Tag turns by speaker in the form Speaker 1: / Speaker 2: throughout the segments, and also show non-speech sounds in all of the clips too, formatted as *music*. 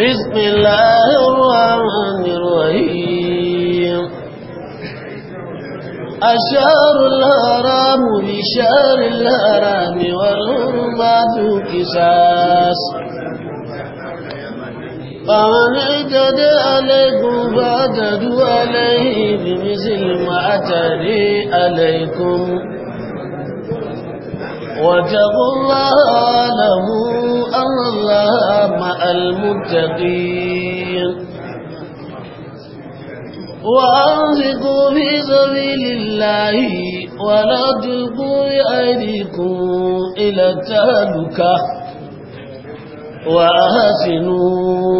Speaker 1: بسم الله الرحمن الرحيم أشار الهرام بشار الهرام والهرمات كساس فمن اعتدى عليكم فاعتدوا عليه بمثل ما اعتدي عليكم وجه الله له أن الله مع المتقين وأنفقوا في سبيل الله ولا تلقوا بأيديكم إلى التهلكة وأحسنوا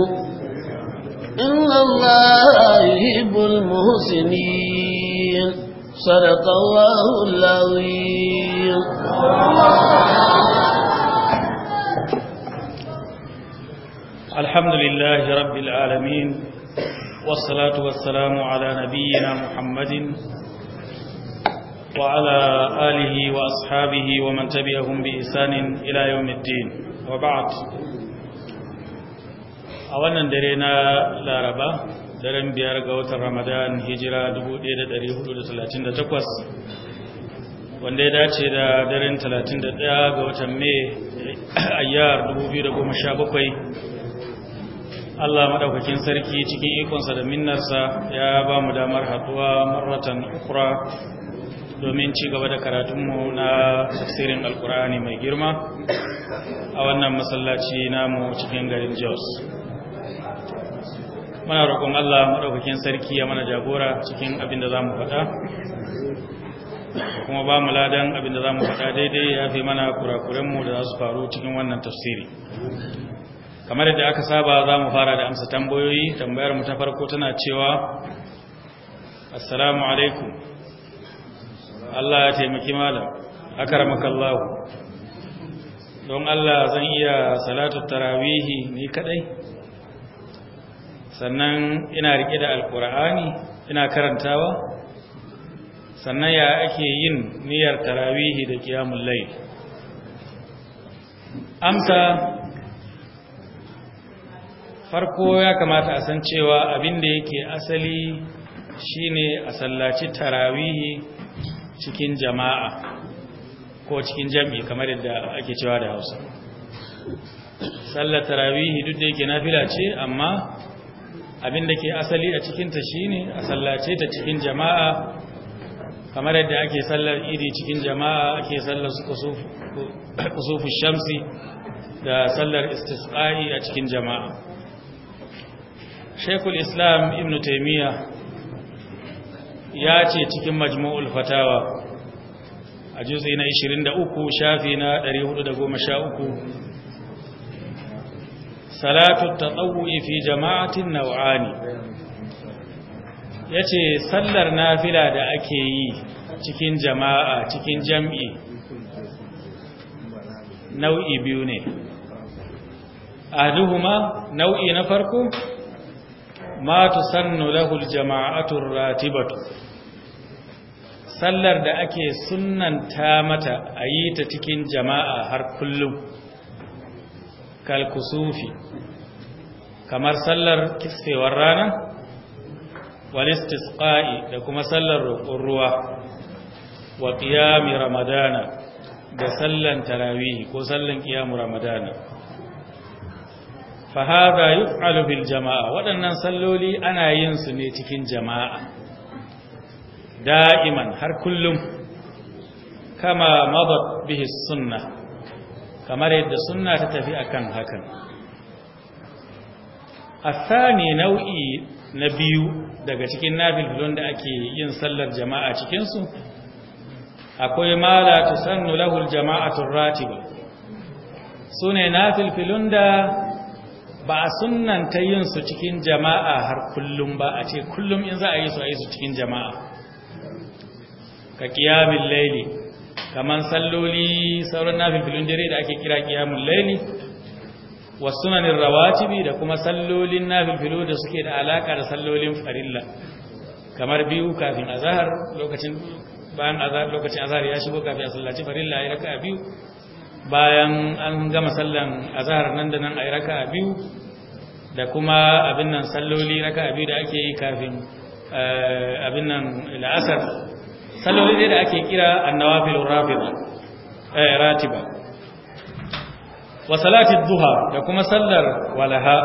Speaker 1: إن الله يحب المحسنين صدق الله العظيم
Speaker 2: الحمد لله رب العالمين والصلاة والسلام على نبينا محمد وعلى آله وأصحابه ومن تبعهم بإحسان إلى يوم الدين وبعد أولا درينا لاربا daren biyar ga watan ramadan hijira 1438 wanda ya dace da daren 31 ga watan mai ayyar 2017 allah maɗaukakin sarki cikin ikonsa da minnarsa ya ba mu damar haɗuwa maratan ukura domin ci gaba da karatunmu na tafsirin alkur'ani mai girma a wannan masallaci namu cikin garin jos
Speaker 3: muna roƙon Allah maɗaukakin sarki ya mana
Speaker 2: jagora cikin abin da za mu faɗa kuma ba mu ladan abin da za mu faɗa daidai ya fi mana kurakurenmu da za su faru cikin wannan tafsiri kamar yadda aka saba za mu fara da amsa tambayoyi tambayar mu ta farko tana cewa assalamu alaikum
Speaker 3: Allah ya taimaki malam
Speaker 2: Allah don Allah zan iya salatu tarawihi ni kadai sannan ina rike da alkur'ani ina karantawa sannan ya ake yin niyyar tarawihi da qiyamul layl amsa farko ya kamata a san cewa abin da yake asali shine a sallaci tarawihi cikin jama'a ko cikin jami'i kamar yadda ake cewa da Hausa sallar tarawihi duk da yake nafila ce amma abin da ke asali a cikinta ne a sallace ta cikin jama'a kamar yadda ake sallar idi cikin jama'a ake sallar kusufu shamsi da sallar istisqa'i a cikin jama'a Sheikhul Islam Ibn Taymiyyah ya ce cikin Majmu'ul Fatawa a juz'i na 23 shafi na 413 salatu tatawu'i fi jama'atin nau'ani yace sallar nafila da ake yi cikin jama'a cikin jam'i nau'i biyu ne aduhuma nau'i na farko ma tusannu lahu aljama'atu ratibatu sallar da ake sunnanta mata a yi ta cikin jama'a har kullum kalkusufi kamar sallar kisfewar rana walistisqa'i da kuma sallar roƙon ruwa wa qiyami ramadana da sallan tarawih ko sallan qiyamu ramadana fa hada yuf'alu bil jama'a waɗannan salloli ana yin su ne cikin jama'a da'iman har kullum kama mabab bihi sunnah kamar yadda sunna ta tafi akan hakan athani nau'i na biyu daga cikin nafilun da ake yin sallar jama'a cikin su akwai ma jama'a tusannu lahu ba. ratiba sune nafilun da ba sunnan ta yin su cikin jama'a har kullum ba a ce kullum in za a yi su a yi su cikin jama'a ka kiyamin laili. kaman salloli sauran nafilin dare da ake kira qiyamul layli was sunanin rawatibi da kuma sallolin nafilu da suke da alaka da sallolin farilla kamar biyu kafin azhar lokacin bayan azhar lokacin azahar ya shigo kafin a sallaci farilla a iraka biyu bayan an gama sallan zahar nan da nan a iraka biyu da kuma abin nan salloli raka'a biyu da ake yi kafin eh, abin nan la'asar salloli ne da ake kira a rafida eh ratiba wa salatid duha da kuma sallar walaha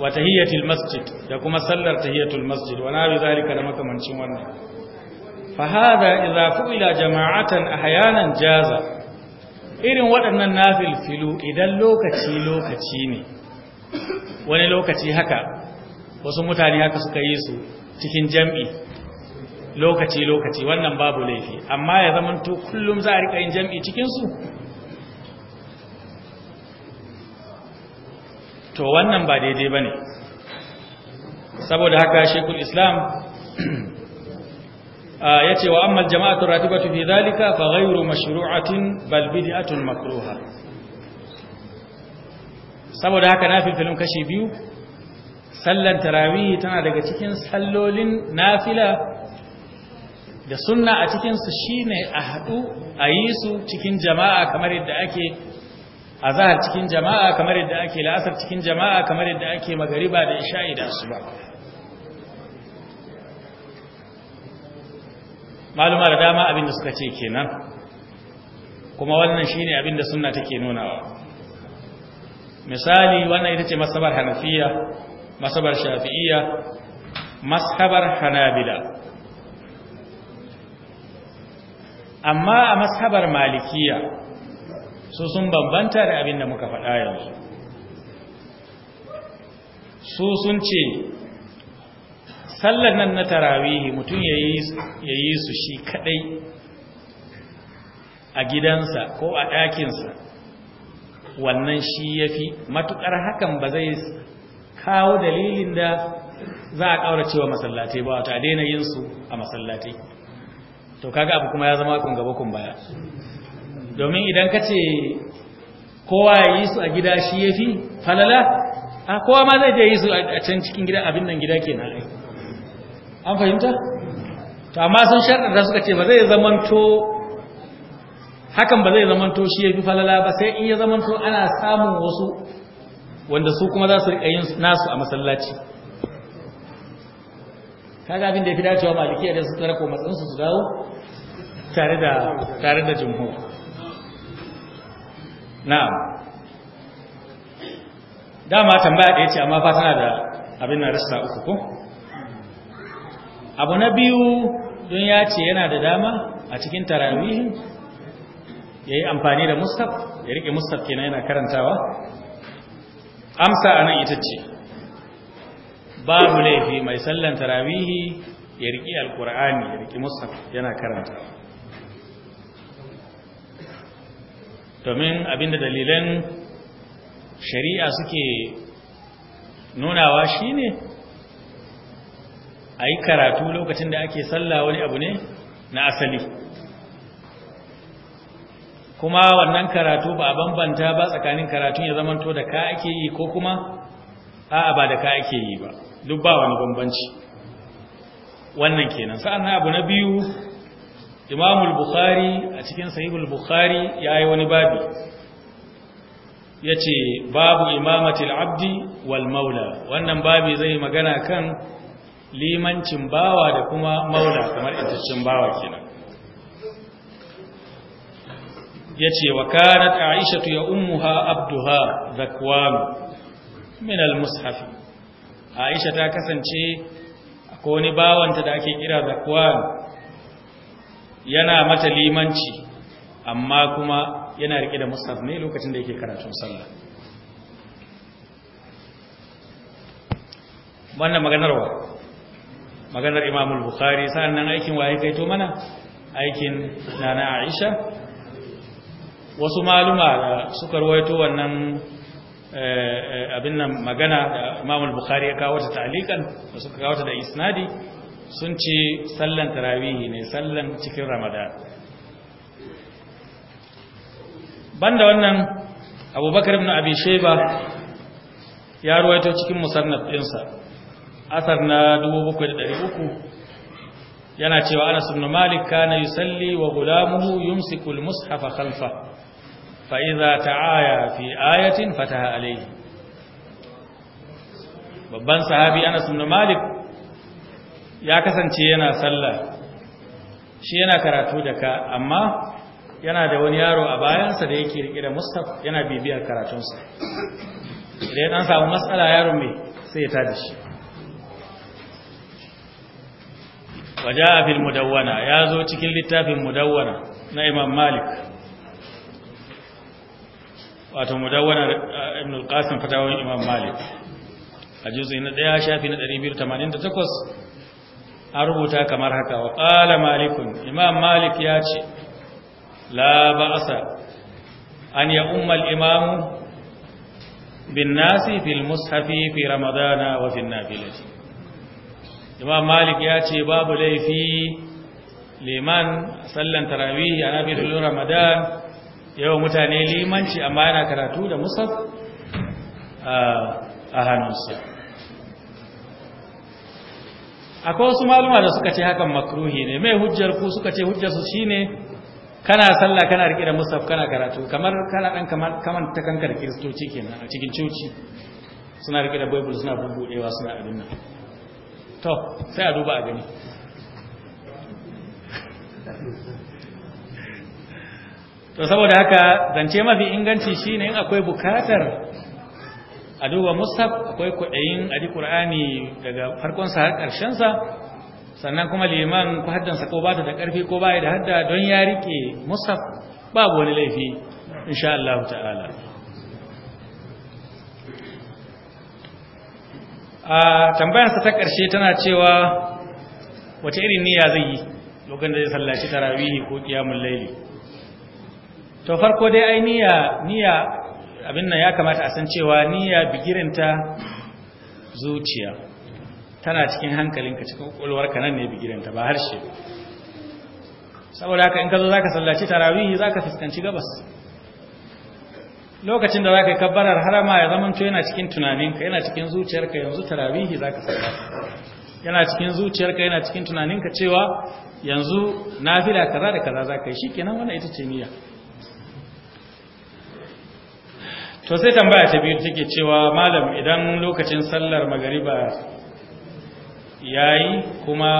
Speaker 2: wa tahiyatul masjid da kuma sallar tahiyatul masjid wa nabi zalika da makamancin wannan fa hada idza fu'ila jama'atan ahyanan jaza irin waɗannan nafil filu idan lokaci lokaci ne wani lokaci haka wasu mutane haka suka yi su cikin jam'i lokaci lokaci wannan babu laifi amma ya zamanto kullum za a rika yin jam'i cikinsu? to wannan ba daidai bane saboda haka shekul islam
Speaker 3: *clears throat* ya ce wa amma jama'atu ratibatu fi zalika fa ghayru mashru'atin bal
Speaker 2: makruha saboda haka na nafilin kashi biyu sallan tarawihi tana daga cikin sallolin nafila da sunna a cikinsu shi ne a haɗu a yi su cikin jama'a kamar yadda ake a zahar cikin jama'a kamar yadda ake la'asar cikin jama'a kamar yadda ake magariba da isha'i da su ba maluma da dama abinda suka ce kenan kuma wannan shi ne abinda sunna take nunawa misali wannan ita ce masabar hanafiya masabar shafi'iya masabar hanabila amma a mashabar malikiya su sun bambanta da abin da muka faɗa yanzu su sun ce sallar nan na tarawihi mutum ya yi su shi kaɗai a gidansa ko a ɗakinsa wannan shi ya fi matuƙar hakan ba zai kawo dalilin da za a ƙaura cewa masallatai ba wata daina yin su a masallatai to kaga abu kuma ya zama kun gaba kun baya domin idan ka ce kowa ya yi su a gida shi ya fi falala a kowa ma zai je yi su a can cikin gida abin nan gida ke ai an fahimta? to amma sun sharɗa suka ce ba zai zamanto hakan ba zai zamanto shi ya fi falala ba sai in ya zamanto ana samun wasu wanda su kuma za su riƙa yin nasu a masallaci kaga abin da ya fi dacewa maliki da su tsarko matsansu su dawo tare da tare na dama tambaya da ce, amma fatana tana da abin na rasa uku ko abu na biyu don ya ce yana da dama a cikin tarawihin ya yi amfani da mustaf ya rike mustaf kenan yana karantawa amsa a nan ita ce babu laifi mai sallan tarawihi ya riki alkur'ani ya riki musaf yana karanta domin abinda dalilan shari'a suke nunawa shine a yi karatu lokacin da ake sallah wani abu ne na asali kuma wannan karatu ba a bambanta ba tsakanin karatun ya zamanto da ka ake yi ko kuma a'a ba da ka ake yi ba duk ba wani bambanci wannan kenan sa'an abu na biyu imamul bukhari a cikin sahihul bukhari ya yi wani babi ya ce babu imamatil abdi wal maula wannan babi zai magana kan limancin bawa da kuma maula kamar intaccen bawa kenan ya ce wa kanat aishatu ya ummuha abduha zakwanu min al-mushafi aisha ta kasance ko wani bawanta da ake kira zakwan yana mata limanci amma kuma yana rike da musaf ne lokacin da yake karatun sallah wannan maganarwa maganar imamul bukhari Sannan aikin waye kai to mana aikin nana aisha wasu maluma da suka ruwaito wannan Eh, abin nan magana da imam bukhari ya kawo ta ta'alikan da suka kawo ta da isnadi sun ce sallan tarawihi ne sallan cikin ramadan banda wannan abubakar ibn abi shayba ya ruwaito cikin musannaf ɗinsa asar na 7300 yana cewa anas ibn malik kana yusalli wa gulamuhu yumsiku al-mushafa khalfa fa'iza ta'aya fi ayatin fataha alaihi babban sahabi anas ibn malik ya kasance yana sallah shi yana karatu da ka amma yana da wani yaro a bayansa da yake rike da mustaf yana bibiyar karatunsa idan an samu matsala yaron mai sai ya tada shi waje a fil mudawwana ya zo cikin littafin mudawwana na imam malik wato mudawwana eh, ibn al-qasim fatawan imam malik a juzu na daya shafi na 288 an rubuta kamar haka wa qala malikun imam malik ya ce la ba'sa an ya umma al-imam bin nasi fil mushafi fi ramadana wa fi nafilati imam malik ya ce babu laifi liman sallan tarawih a nafilin ramadan yau mutane limanci amma yana karatu da musaf a hannunsa akwai wasu maluma da suka ce hakan makruhi ne mai hujjar ku suka ce hujjar su shine kana sallah kana rike da musaf kana karatu kamar kana dan kamar ta kankar kiristoci kenan a cikin coci suna rike da bible suna bubbudewa suna abin nan to sai a duba a gani to saboda haka zance mafi inganci shine in akwai bukatar a duba musaf akwai kudayin a qur'ani daga farkon sa har karshen sa sannan kuma liman ku haddansa ko ba da karfi ko bai da hadda don ya rike musaf babu wani laifi insha Allah ta'ala a tambayarsa ta ƙarshe tana cewa wace irin niyya zai yi lokacin da ya sallaci tarawih ko qiyamul layli to farko dai ai niyya niyya abin nan ya kamata a san cewa niyya bigirinta zuciya tana cikin hankalinka cikin ka nan ne bigirinta ba harshe saboda haka in ka zo za ka sallaci tarawihi za ka fuskanci gabas lokacin da za ka yi kabbarar harama ya to yana cikin tunaninka yana cikin zuciyarka yanzu tarawihi za ka sallaci yana cikin zuciyarka yana cikin tunaninka cewa yanzu nafila kaza da kaza zaka ka yi shikenan wannan ita ce niyya to sai tambaya ta biyu take cewa malam idan lokacin sallar magariba yayi kuma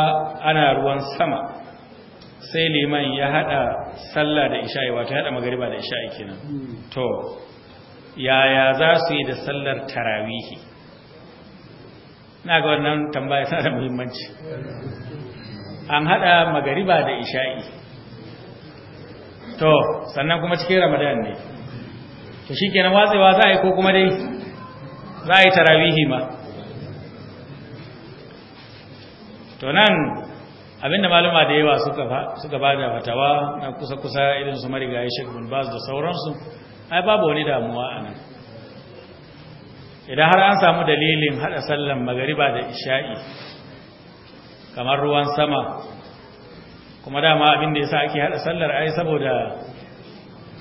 Speaker 2: ana ruwan sama sai liman ya hada sallah da isha'i wato hada magariba da isha'i kenan to yaya za su yi da sallar tarawihi na ga wannan tambaya tana da muhimmanci an hada magariba da isha'i to sannan kuma cikin ramadan ne to shi kenan watsewa za a yi ko kuma dai za a yi tarawihi ma to nan abinda maluma da yawa suka ba da fatawa na kusa-kusa irin su marigayi shekul bas da sauransu ai babu wani damuwa a nan idan har an samu dalilin hada sallan magariba da isha'i kamar ruwan sama kuma dama abinda ya sa ake hada sallar ai saboda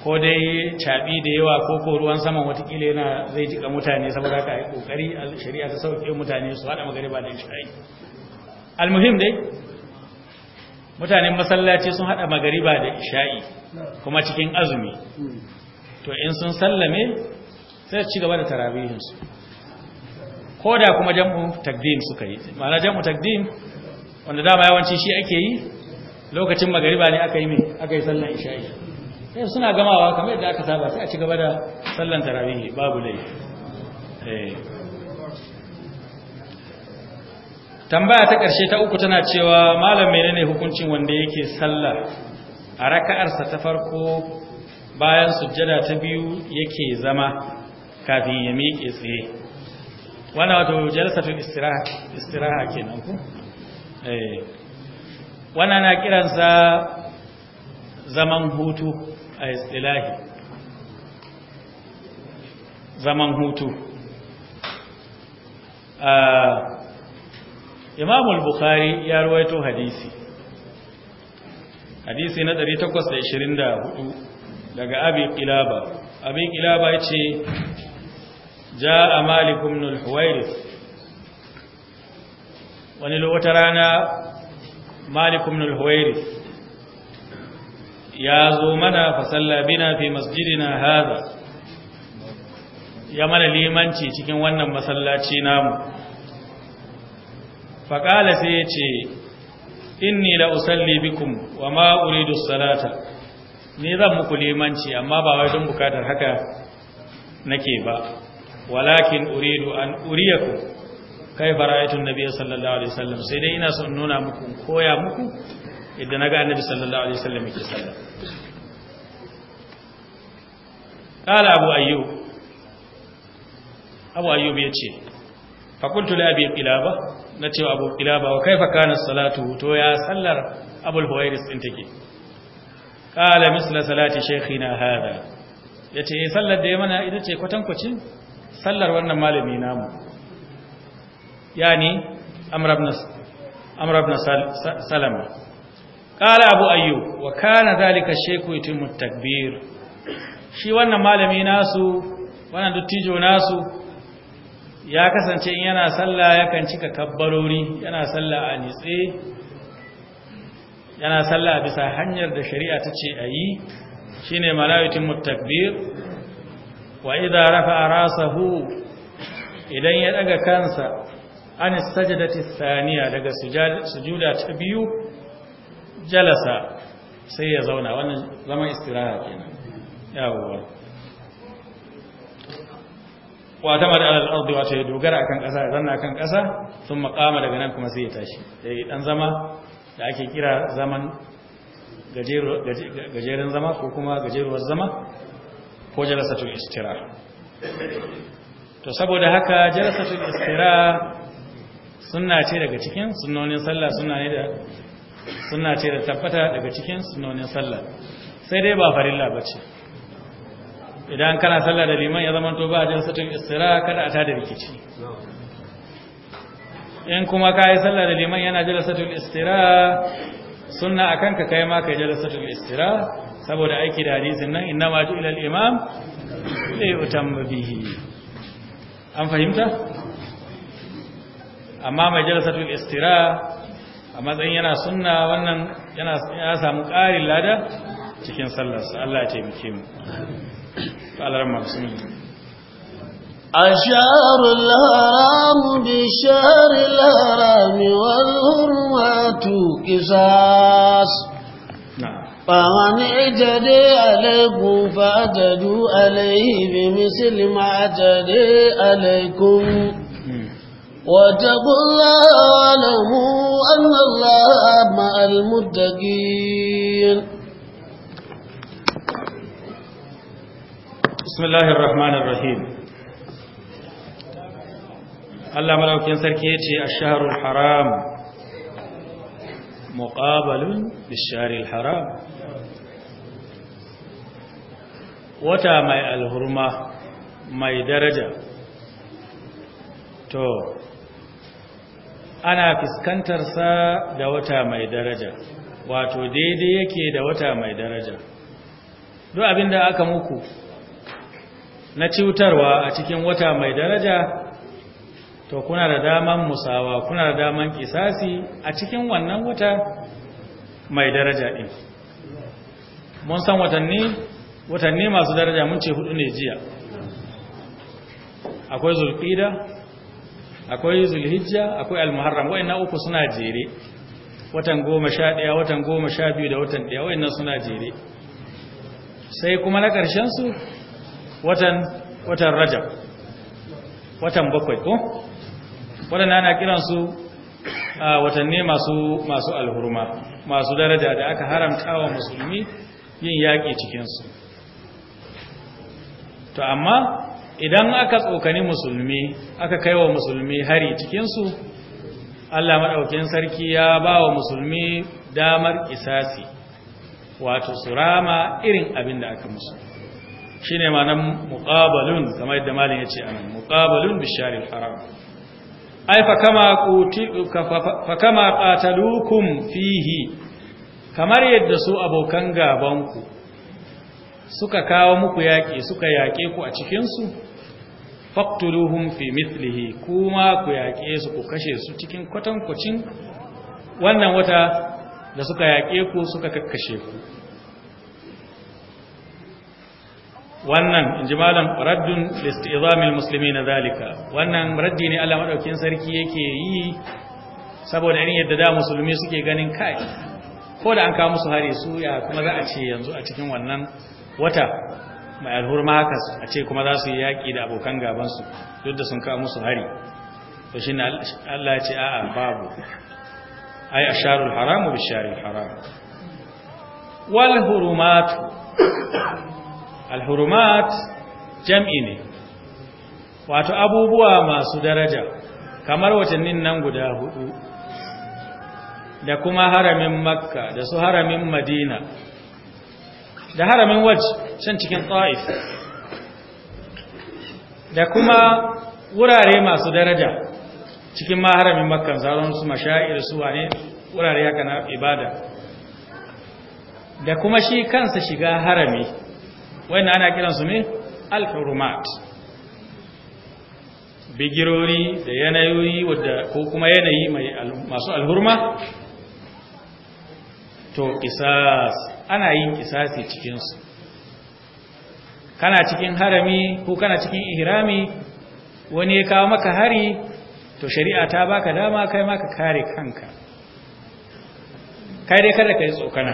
Speaker 2: ko dai caɓi da yawa ko ko ruwan saman watakila yana zai jika mutane saboda ka yi kokari shari'a ta sauke mutane su haɗa magariba da isha'i almuhim dai mutanen masallaci sun haɗa magariba da isha'i kuma cikin azumi to in sun sallame sai ci gaba da tarabihinsu ko da kuma jam'u takdim suka yi ma'ana jam'u takdim wanda dama yawanci shi ake yi lokacin magariba ne aka yi mai aka yi sallan isha'i sai eh, suna gamawa kamar yadda aka saba sai a ci gaba da sallan tarawih babu laifi eh. tambaya ta ƙarshe ta uku tana cewa malam menene hukuncin wanda yake sallah a raka'arsa ta farko bayan sujjada ta biyu yake zama kafin ya miƙe tsaye wannan wato jalsatul istiraha istiraha kenan ku eh wannan na kiransa zaman hutu a istilahi zaman hutu Imam al bukhari ya ruwaito hadisi hadisi na 824 daga abi kilaba abi kilaba ya ce ja'a malik ibn al-huwairis wani wata rana malik ibn al-huwairis ya zo mana fasalla bina fi masjidina hada ya mana limanci cikin wannan masallaci namu faƙala sai ya ce inni la usalli bikum wa ma uridu salata ni zan muku limanci amma ba wai don bukatar haka nake ba walakin uridu an uriyakum kai bara'atun nabiy sallallahu alaihi wasallam sai dai ina son nuna muku koya muku yadda na ga annabi sallallahu alaihi wasallam yake sallah qala abu ayyub abu ayyub yace fa kuntu li abi qilaba nace abu qilaba wa kaifa kana salatu to ya sallar abul huwairis din take qala misla salati shaykhina hada yace eh sallar da ya mana ita ce kwatan kwatankwacin sallar wannan malami namu yani amr ibn amr ibn salama qala abu ayyo wa kana zalika shaykhu yutimu takbir shi wannan malami nasu wannan dottijo nasu ya kasance in yana sallah yakan cika kabbarori yana sallah a nitse yana sallah bisa hanyar da shari'a ta ce a ayi shine malaikatun mutakbir wa idza rafa'a rasahu idan ya daga kansa an sajdati thaniya daga sujuda ta biyu jalasa sai ya zauna wannan zaman istiraha kenan yawo
Speaker 3: wa ta mada al ardi wa ya dogara akan kasa ya zanna
Speaker 2: akan kasa sun makama daga nan kuma sai ya tashi dai dan zama da ake kira zaman gajeren zama ko kuma gajeruwar zama ko jalasatul istira to saboda haka jalasatul istira sunna ce daga cikin sunnonin sallah sunna ne da sunna ce da tabbata daga cikin sunonin sallah sai dai ba farilla ba ce idan kana sallah da liman ya zama to ba jin satun istira kada a tada rikici in kuma ka yi sallah da liman yana jalasatul istira sunna a kanka kai ma kai jalasatul istira saboda aiki da hadisin nan inna ma ju'ila al-imam li utan bihi an fahimta amma mai tun istira a matsayin yana wannan ya samu ƙarin lada cikin sallarsa Allah ya taimake mu Allah rahmar sunni
Speaker 1: أشار الهرام بشار الهرام والهرمات قصاص فمن اعتدي عليكم فاعتدوا عليه بمثل ما اعتدي عليكم واتقوا الله واعلموا أن الله مع المتقين
Speaker 2: بسم الله الرحمن الرحيم الله ملوكين سركيتي الشهر الحرام مقابل بالشهر الحرام وتا ماي الهرمه ماي درجه to ana fuskantarsa da wata mai daraja wato daidai yake da wata mai daraja duk abin da aka muku na ciwutarwa a cikin wata mai daraja to kuna da daman musawa kuna da daman kisasi a cikin wannan wata mai daraja din mun san watanni watanni masu daraja mun ce hudu ne jiya akwai zulqida akwai zulhijja akwai almuharram na uku suna jere watan goma sha ɗaya watan goma sha biyu da watan ɗaya na suna jere sai kuma na ƙarshen su watan watan rajab watan bakwai ko waɗanda ana kiransu watanni masu masu alhurma masu daraja da aka haramta wa musulmi yin yaƙi cikinsu to amma idan aka tsokani musulmi aka kai wa musulmi hari cikinsu allah maɗaukin sarki ya ba wa musulmi damar isasi wato surama irin abin da aka musu shi ne ma nan muƙabalun kamar yadda malin ya ce anan muƙabalun bisharin haram ai fakama ƙatalukun fihi kamar yadda su abokan gabanku suka kawo muku yaƙi suka yaƙe ku a cikinsu faqtuluhum fi mithlihi kuma ku yaƙe su ku kashe su cikin kwatankwacin wannan wata da suka yaƙe ku suka kakkashe ku wannan in ji malam raddun listi'izamil musulmi na zalika wannan raddi ne Allah maɗaukin sarki yake yi saboda in yadda da musulmi suke ganin kai ko da an kawo musu hari su ya kuma za a ce yanzu a cikin wannan wata mai alhurma haka a ce kuma za su yi yaƙi da abokan gabansu duk da sun kawo musu hari to shi Allah ya ce a'a babu ai asharul haram bi sharil haram wal hurumat al hurumat jam'i ne wato abubuwa masu daraja kamar watannin nan guda hudu da kuma haramin makka da su haramin madina da haramin waj can cikin ta'if da kuma wurare masu daraja cikin ma haramin makkan zaron su mashayar su wane wurare haka na ibada da kuma shi kansa shiga harami wanda ana kiransu ne al bigirori da yanayoyi ko kuma yanayi masu alhurma to kisas ana yin kisasi cikinsu kana cikin harami ko kana cikin ihrami wani ya kawo maka hari to shari'a ta baka dama kai ma ka kare kanka kai dai kada kai tsokana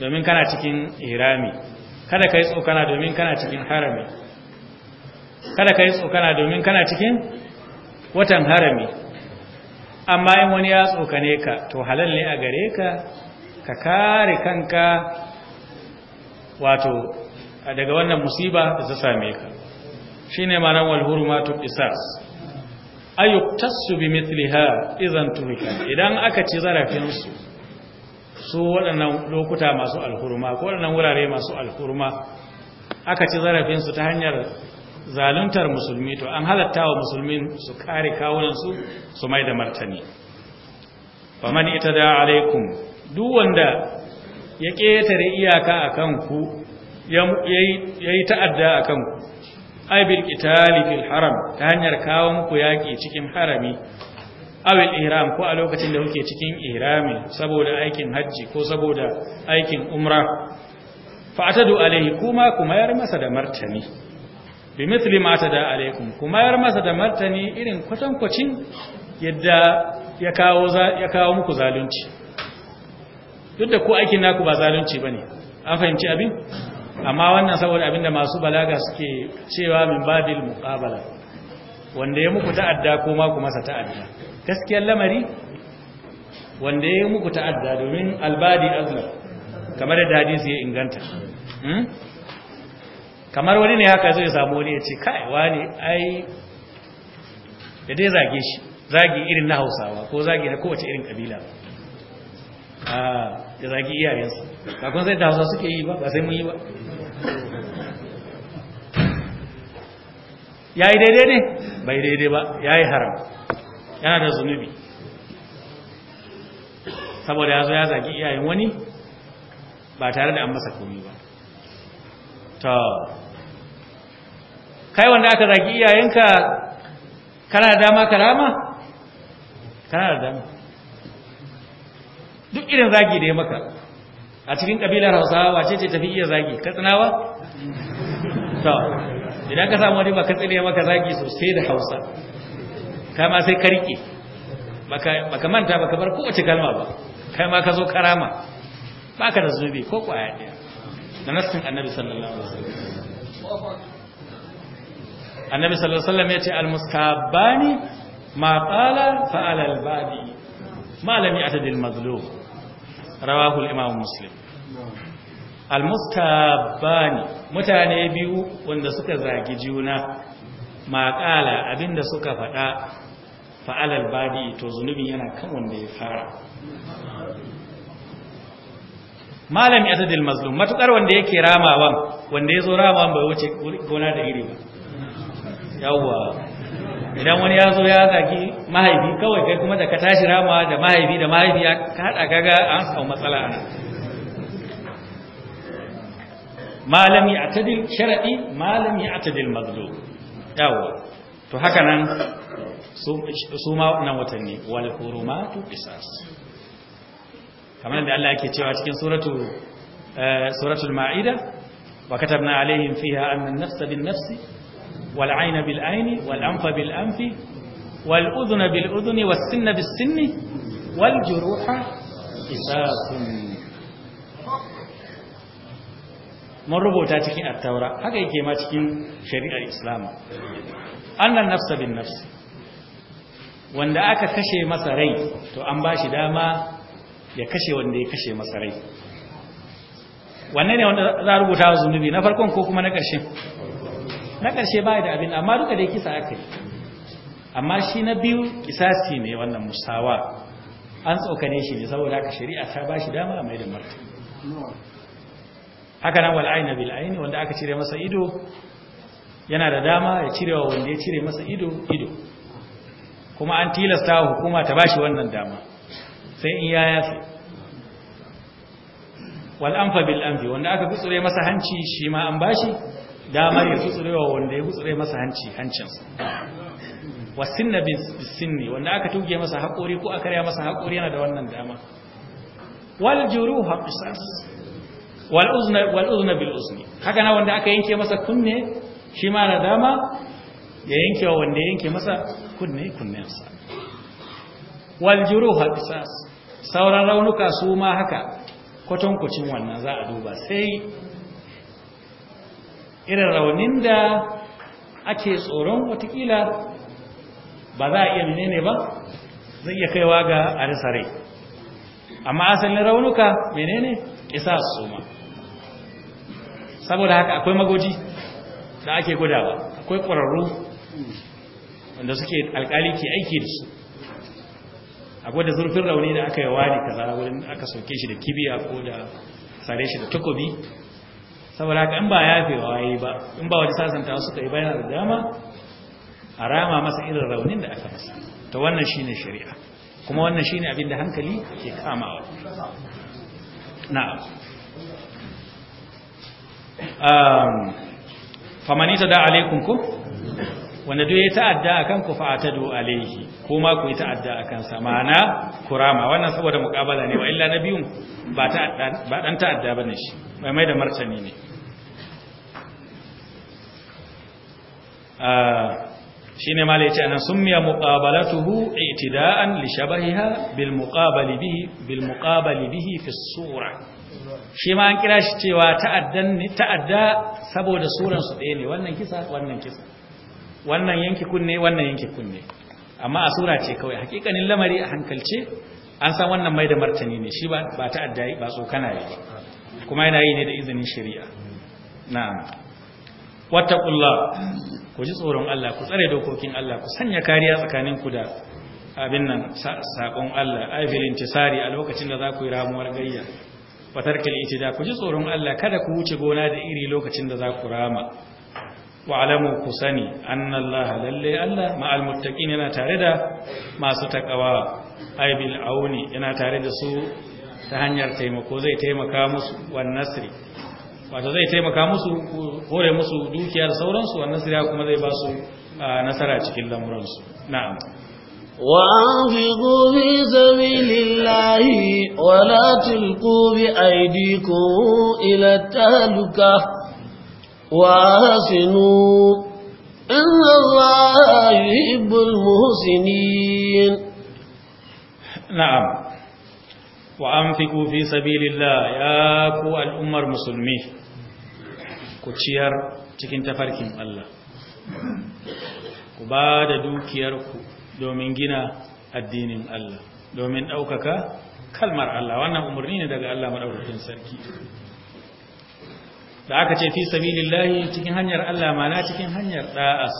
Speaker 2: domin kana cikin ihrami kada kai tsokana domin kana cikin harami kada kai tsokana domin kana cikin watan harami amma in wani ya tsokane ka to halal ne a gare ka ka kare kanka wato daga wannan musiba da ta same ka Shi shine ma'anar matu isas qisas tasu bi mithliha izan turika idan aka ci zarafin su waɗannan lokuta masu alhurma ko waɗannan wurare masu alhurma aka ci zarafinsu ta hanyar zaluntar musulmi to an halatta wa musulmi su kare kawunansu su mai da martani Ba ita da alaikum duk wanda ya ƙetare iyaka a kanku ya yi ta'adda a kanku aibil itali fil haram ta hanyar kawo muku yaƙi cikin harami awil Iram ko a lokacin da kuke cikin Irami saboda aikin hajji ko saboda aikin umra fatadu alaihi kuma ku mayar masa da martani bi mithli ma tada alaikum ku mayar masa da martani irin kwatankwacin yadda ya kawo ya kawo muku zalunci duk da ko aikin naku ba zalunci ba ne an fahimci abin amma wannan saboda abin da masu balaga suke cewa min badil muqabala wanda ya muku ta'adda ko ma ku masa ta'adda gaskiyar lamari wanda ya muku ta'adda domin albadi azla kamar da dadi ya inganta hmm? kamar wani ne haka zai samu wani ya ce kai wani ai da dai zage shi zage irin na hausawa ko zage na kowace irin kabila Ah, ya zagi iyayensu kakon sai da suke yi ba ba sai mun yi ba ya yi daidai ne bai daidai ba ya yi haram yana da zunubi saboda ya zo ya zagi iyayen wani ba tare da an masa komi ba ta kai wanda aka zagi iyayenka kana da dama karama kana da dama duk irin zagi da ya maka a cikin kabilar hausawa wace ce tafi iya zagi katsinawa
Speaker 3: to idan ka samu
Speaker 2: wani maka katsina ya maka zagi sosai da hausa kama sai ka maka baka manta baka bar kowace kalma ba kai ma ka zo karama baka da zubi ko kwaya daya da nassin annabi sallallahu alaihi wasallam annabi sallallahu alaihi wasallam yace al-muskabbani ma qala fa ala al-badi malami atadil mazlum rawahul imam muslim bani mutane biyu wanda suka zagi juna maƙala abinda suka faɗa fa'alal badi to zunubin yana kan wanda ya fara malam ya tadil mazlum matukar wanda yake ramawan wanda ya zo ramawan bai wuce gona da iri ba yawwa idan wani ya zo ya zagi mahaifi kawai kai kuma da ka tashi rama da mahaifi da mahaifi ya kaɗa gaga an samu matsala ana malami a tadil sharadi, malami a tadil mazlo yawo to haka nan su ma nan watanni wal hurumatu qisas kamar da Allah yake cewa cikin suratu eh, suratul ma'ida wa katabna alaihim fiha anna an-nafsa bin-nafsi wal aina bil aini wal anfa bil anfi wal wal juruha qisasum mun rubuta cikin attaura haka yake ma cikin shari'ar islam annan nafsa bin nafsi wanda aka kashe rai to an dama ya kashe wanda ya kashe ne wanda za a rubuta wa zunubi na farkon ko kuma na ƙarshen na ƙarshe ba da abin amma duka da kisa aka yi amma shi na biyu kisasi ne wannan musawa an tsokane shi ne saboda haka shari'a ta ba shi dama mai da marta. haka nan bil'ai ne wanda aka cire masa ido yana da dama ya cire wa wanda ya cire masa ido ido kuma an tilasta wa hukuma ta ba shi wannan dama sai in ya yafe wal'amfa bil'amfi wanda aka kutsure masa hanci shi ma an shi. damar ya tsutsure wa wanda ya tsutsure masa hanci hancinsa wasin na ne wanda aka tuge masa haƙori ko aka rya masa haƙori yana da wannan dama wal juru haƙisas wal uzna bil uzni haka na wanda aka yanke masa kunne shi ma na dama ya yanke wa wanda yanke masa kunne kunnensa wal juru haƙisas sauran raunuka su ma haka kwatankwacin wannan za a duba sai irin raunin da ake tsoron watakila ba za a iya menene ba zai iya kaiwa ga a amma asalin raunuka menene isa su ma saboda haka akwai magoji da ake gudawa akwai ƙwararru wanda suke alkali ke aiki da su akwai da zurfin rauni da aka yi wani kaza wurin aka soke shi da kibiya ko da sare shi da takobi saboda haka in ba yafewa yi ba in ba wani sasanta suka yi bayanar da dama a rama masa irin raunin da aka masa ta wannan shi ne shari'a kuma wannan shine abin da hankali ke kamawa na'am um famani ta da alaikum ku wanda duk ya ta'adda akan ku fa'atadu alaihi kuma ku yi ta'adda akan sa ma'ana kurama wannan saboda muqabala ne wa illa nabiyun ba ta'adda ba dan ta'adda bane shi mai mai da martani ne ah, shine mala yace anan summiya muqabalatuhu i'tida'an li shabahiha bil muqabali bihi bil muqabali bihi fi sura shi ma an kira shi cewa ta'addan ta'adda saboda suran su ɗaya ne wannan kisa wannan kisa wannan yanki kunne wannan yanki kunne amma a sura ce kawai hakikanin lamari a hankalce an san wannan mai da martani ne shi ba ta addai ba tsokana yi kuma yana yi ne da izinin shari'a na'am wattaqullah ku ji tsoron Allah ku tsare dokokin Allah ku sanya kariya tsakanin ku da abin nan sakon Allah filin tisari a lokacin da za ku yi ramuwar gayya fatarkil itida ku ji tsoron Allah kada ku wuce gona da iri lokacin da za ku rama wa'alamu ku sani annallaha lalle Allah ma'al yana tare da masu takawa ay auni yana tare da su ta hanyar taimako zai taimaka musu wan nasri wato zai taimaka musu kore musu dukiyar sauransu wan nasri kuma zai ba su nasara cikin lamuransu na'am
Speaker 1: وأنفقوا في سبيل الله ولا taluka. وآسنوا إن الله يحب المحسنين نعم
Speaker 2: وأنفقوا في سبيل الله يا كو الأمة المسلمين كتشير cikin tafarkin Allah ku ba da dukiyarku domin gina addinin Allah domin ɗaukaka kalmar Allah wannan umarni ne daga Allah maɗaukakin sarki da aka ce fi sabilillahi cikin hanyar Allah mana cikin hanyar da'as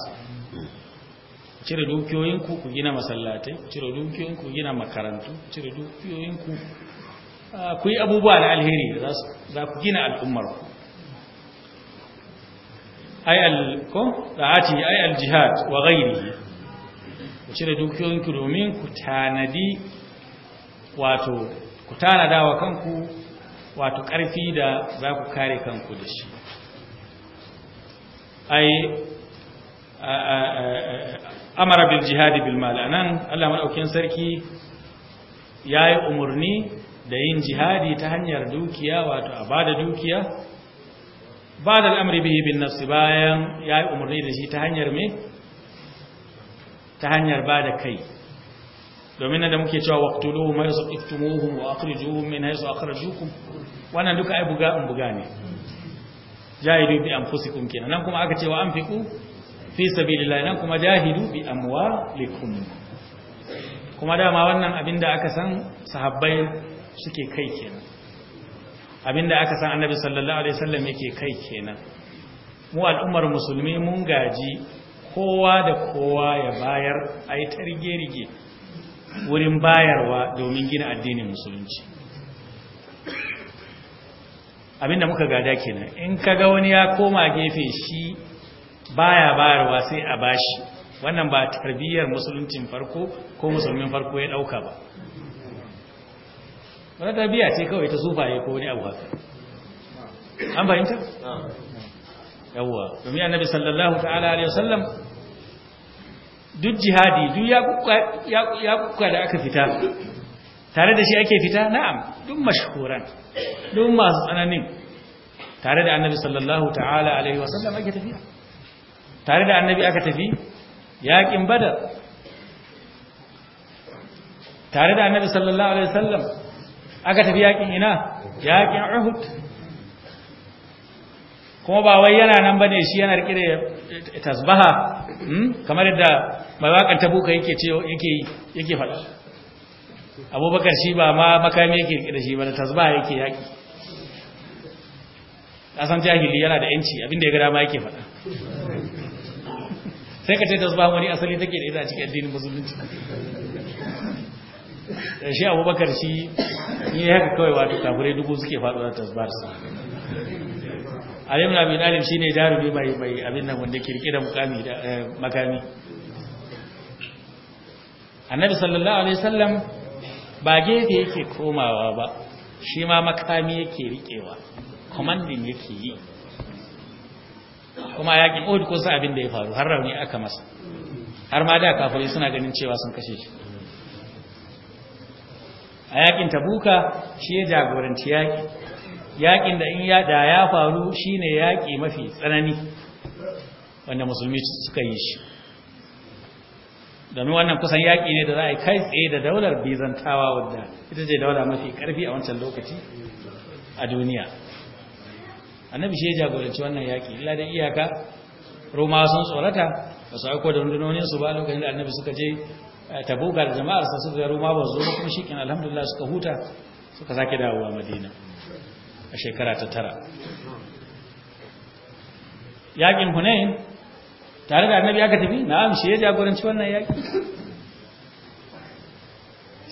Speaker 2: cire dukiyoyinku ku gina masallatai cire dukiyoyinku ku gina makarantu cire
Speaker 3: dukiyoyinku ah, ku yi abubuwa na
Speaker 2: alheri za ku gina al'ummarku ai al-kum da'ati ai al-jihad wa ghairihi ku cire dukiyoyinku domin ku tanadi wato ku tanada wa kanku wato ƙarfi da za ku kare kanku da shi ai amara bil jihadi bil mal anan Allah madaukakin sarki yayi umurni da yin jihadi ta hanyar dukiya wato a bada dukiya bada al'amri bihi bin nafsi bayan yayi umarni da shi ta hanyar me ta hanyar bada kai domin nan da muke cewa waqtulu ma yasaftumuhum wa akhrijuhum min haythu akhrajukum wannan duka ai buga an buga ne jahidu bi anfusikum kenan nan kuma aka ce wa anfiqu fi sabilillahi nan kuma jahidu bi amwalikum kuma dama wannan abinda aka san sahabbai suke kai kenan abinda aka san annabi sallallahu alaihi wasallam yake kai kenan mu al'ummar musulmi mun gaji kowa da kowa ya bayar ai tarige rige wurin bayarwa domin gina addinin musulunci abinda muka gada kenan in kaga wani ya koma gefe shi baya bayarwa sai a bashi wannan ba tarbiyyar musuluncin farko ko musulmin farko ya dauka ba wani tarbiyya ce kawai ta zubaye ko wani abu haka an fahimta yawwa domin annabi sallallahu ta'ala alaihi wasallam duk jihadi duk ya kuka da aka fita tare da shi ake fita na'am duk mashhuran duk masu tsananin tare da annabi sallallahu ta'ala alaihi wasallam ake tafiya tare da annabi aka tafi yaƙin badar tare da annabi sallallahu alaihi wasallam aka tafi yaƙin ina yaƙin uhud kuma ba wai yana nan bane shi yana rike da tasbaha hmm? kamar yadda mai wakan tabuka yake ce yake yake faɗa abubakar shi ba ma makami yake rike da shi ba da tasbaha yake yaki kasan jahili yana da yanci abinda ya gada ma yake faɗa sai ka ce tasbaha wani asali take da ita a cikin addinin musulunci shi abubakar shi ne haka kawai wato kafirai dubu suke faɗo da
Speaker 3: tasbaharsa
Speaker 2: Ali ibn Abi Talib shine jarumi mai mai abin nan wanda kirkira mukami da eh, makami Annabi sallallahu alaihi wasallam ba gefe yake komawa ba shi ma makami yake rikewa commanding yake yi
Speaker 3: kuma yakin odi
Speaker 2: ko sai abin da ya faru har rauni aka masa har ma da kafiri suna ganin cewa sun kashe shi a yakin Tabuka shi ya jagoranci yaki yakin da in yada ya faru shine yaki mafi tsanani wanda musulmi suka yi shi domin wannan kusan yaki ne da za a kai tsaye da daular bizantawa wadda ita ce daular mafi karfi a wancan lokaci a duniya annabi shi ya jagoranci wannan yaki illa da iyaka roma sun tsorata ba su aiko da rundunonin su ba lokacin da annabi suka je
Speaker 3: eh, tabuka da jama'ar
Speaker 2: sa suka ga roma ba zo kuma shi kin alhamdulillah suka huta suka sake dawowa madina a shekara ta tara yakin hunain tare da annabi aka tafi na'am shi ya jagoranci wannan yaki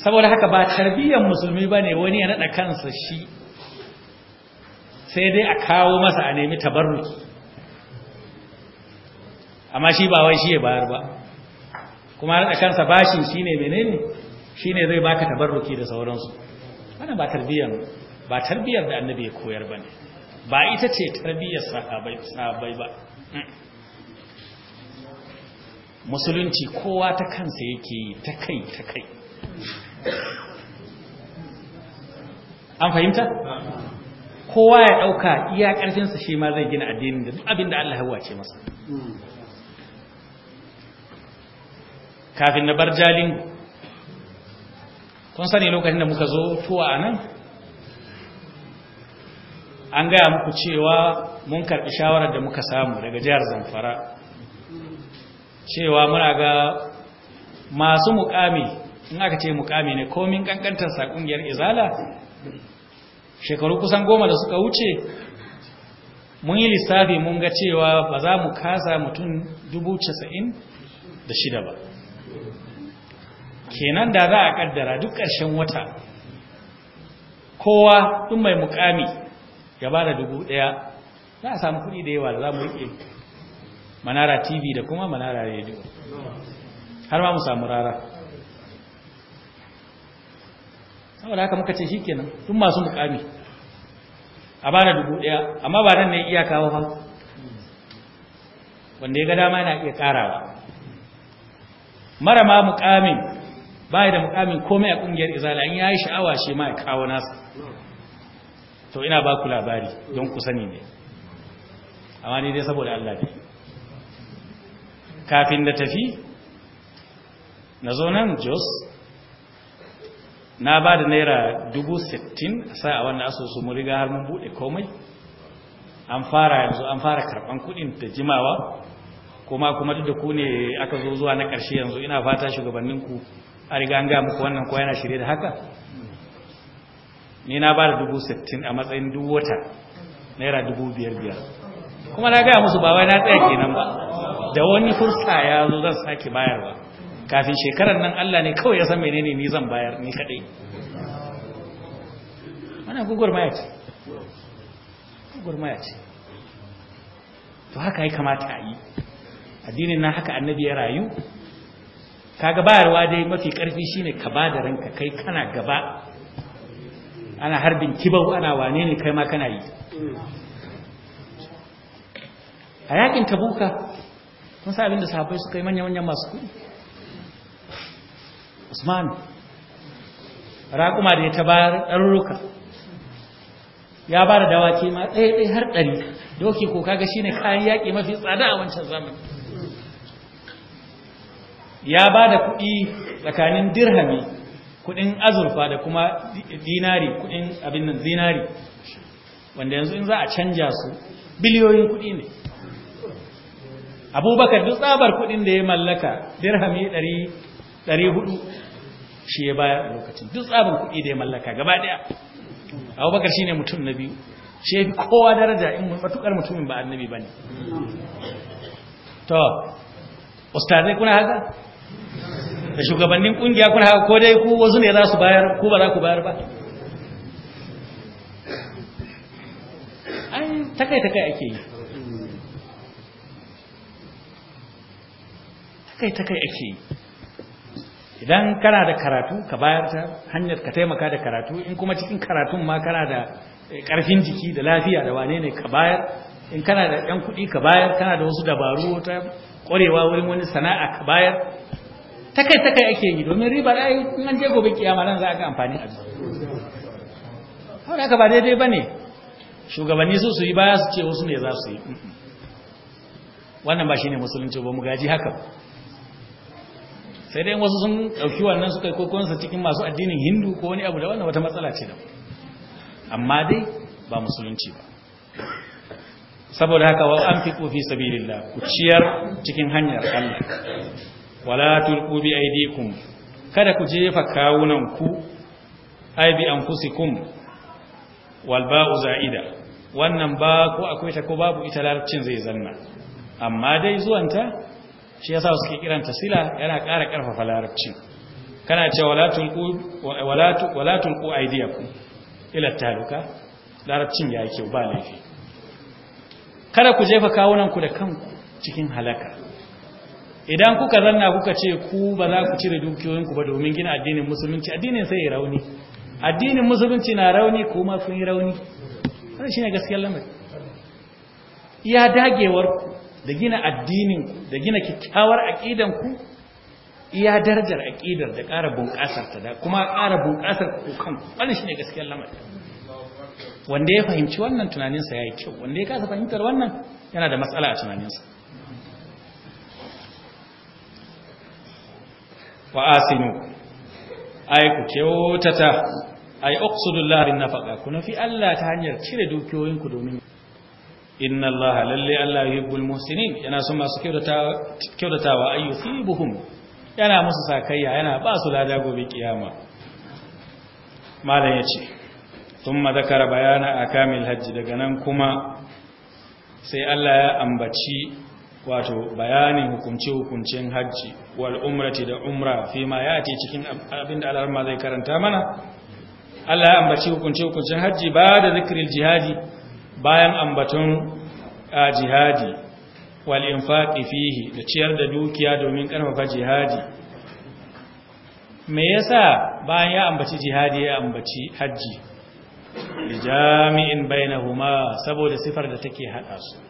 Speaker 2: saboda haka ba tarbiyyar musulmi ba ne wani ya naɗa kansa shi sai dai a kawo masa a nemi tabarruki amma shi ba wai shi ya bayar ba kuma naɗa kansa bashin shi ne menene shi ne zai baka tabarruki da sauransu wannan ba tarbiyyar ba tarbiyyar da annabi ya koyar ba ne ba ita ce tarbiyyar sahabai ba musulunci kowa ta kansa yake yi ta kai ta kai an fahimta? kowa ya ɗauka iya ƙarfinsa shi ma zai gina addinin da duk abin da Allah hawa ce masa kafin na bar jalin kun sani lokacin da muka zo tuwa a nan an gaya muku cewa mun karɓi shawarar da muka samu daga jihar zamfara cewa muna ga masu mukami in aka ce mukami ne komin kankantar sa ƙungiyar izala shekaru kusan goma da suka wuce mun yi lissafi mun ga cewa ba za mu kasa mutum shida ba kenan da za a kaddara duk ƙarshen wata kowa ɗin mai mukami ya ba da dubu ɗaya za a samu kuɗi da yawa da za mu riƙe manara tv da kuma manara rediyo
Speaker 3: har ma mu samu rara
Speaker 2: saboda haka muka ce shi kenan tun masu mukami a ba da dubu ɗaya amma ba nan ne iya kawo ba wanda ya ga dama yana iya karawa. mara ma mukamin baya da mukamin komai a ƙungiyar izala in ya yi sha'awa shi ma ya kawo nasa to ina ba ku labari don ku sani ne amma ni dai saboda Allah ne kafin da tafi na zo nan jos na ba da naira dubu sittin sai a wannan asusu mu riga har mun bude komai an fara yanzu an fara karɓan kuɗin da jimawa kuma kuma duk da ku ne aka zo zuwa na ƙarshe yanzu ina fata shugabanninku a riga an ga muku wannan ko yana shirye da haka ni na ba da dubu sittin a matsayin duk wata naira dubu biyar biyar
Speaker 3: kuma na gaya musu ba na tsaya kenan ba da wani fursa
Speaker 2: ya zo zan sake bayarwa kafin shekarar nan Allah ne kawai ya san menene ni zan bayar ni kadai
Speaker 3: gugur maya ce
Speaker 2: maya ce to haka ya kamata a yi addinin na haka annabi ya rayu kaga bayarwa dai mafi karfi shine ka ba da ranka kai kana gaba ana harbin kibau ana wane ne kai ma kana yi a yakin tabuka kun sa abinda sahabbai suka yi manya-manyan masu kudi usman raƙuma da ya ta ɗarurruka ya ba da dawaki ma ɗaya-ɗaya har ɗari doki ko kaga shi ne kayan yaƙi mafi tsada a wancan zamani ya ba da kuɗi tsakanin dirhami kudin azurfa da kuma dinari kudin abin nan zinari wanda yanzu in za a canja su biliyoyin kudi ne abubakar duk tsabar kudin da ya mallaka dirhami 400 shi ya bayar lokacin duk tsabar kudi da ya mallaka gaba daya abubakar shi ne mutum na biyu shi ya fi kowa daraja in matukar mutumin ba annabi ba ne to ustazai kuna haka da shugabannin kungiya kuna haka ko dai ku wasu ne za su bayar ku ba za ku bayar ba ai takai takai ake yi takai takai ake yi idan kana da karatu ka bayar ta hanyar ka taimaka da karatu in kuma cikin karatun ma kana da karfin eh, jiki da lafiya da wane ne ka bayar in kana da yan kuɗi ka bayar kana da wasu dabaru ta ƙwarewa wurin wani sana'a ka bayar ta kai ta kai ake yi domin riba da in an je gobe kiyama nan za a ga amfani a haka aka ba daidai ba ne shugabanni su su yi baya su ce wasu ne za su yi wannan ba shi ne musulunci ba mu gaji haka sai dai wasu sun ɗauki wannan suka kai kokonsa cikin masu addinin hindu ko wani abu da wannan wata matsala ce da amma dai ba musulunci ba saboda haka wa an fi ƙofi sabirillah ku ciyar cikin hanyar Allah wala tulqu bi aidikum kada ku jefa kawunan ku ai bi anfusikum wal ba'u za'ida wannan ba ko akwai ta ko babu ita larabcin zai zanna amma dai zuwanta shi yasa suke kiranta sila yana ƙara ƙarfafa larabcin kana ce wala tulqu wala wala ila taluka larabcin ya kyau ba laifi kada ku jefa kawunan ku da kanku cikin halaka idan kuka zanna kuka ce ku ba za ku cire dukiyoyinku ba domin gina addinin musulunci addinin sai ya rauni addinin musulunci na rauni kuma sun yi rauni wannan shine gaskiyar lamari iya dagewar ku da gina addinin ku da gina kyakkyawar aqidan ku iya darajar aqidar da ƙara bunƙasar ta da kuma ƙara bunƙasar ku kan wannan shine gaskiyar lamari wanda ya fahimci wannan tunaninsa yayi kyau wanda ya kasa fahimtar wannan yana da matsala a tunaninsa wa ai ku kyautata ai uqsudullah bin nafaqa ku nafi Allah ta hanyar cire dukiyoyinku domin inna Allah lalle Allah yuhibbul muhsinin yana son masu wa kyautatawa yusibuhum yana musu sakayya yana baasu su lada gobe kiyama malam ce. thumma zakara bayana akamil hajji daga nan kuma sai Allah ya ambaci wato bayanin hukunce-hukuncen hajji wal da umra fi ma ya ce cikin abinda alarma zai karanta mana Allah ya ambaci hukunce-hukuncen hajji ba da zikirin jihadi bayan ambaton jihadi wal infaqi fihi da ciyar da dukiya domin ƙarfafa jihadi me yasa bayan ya ambaci jihadi ya ambaci hajji jami'in bainahuma saboda sifar da take haɗa su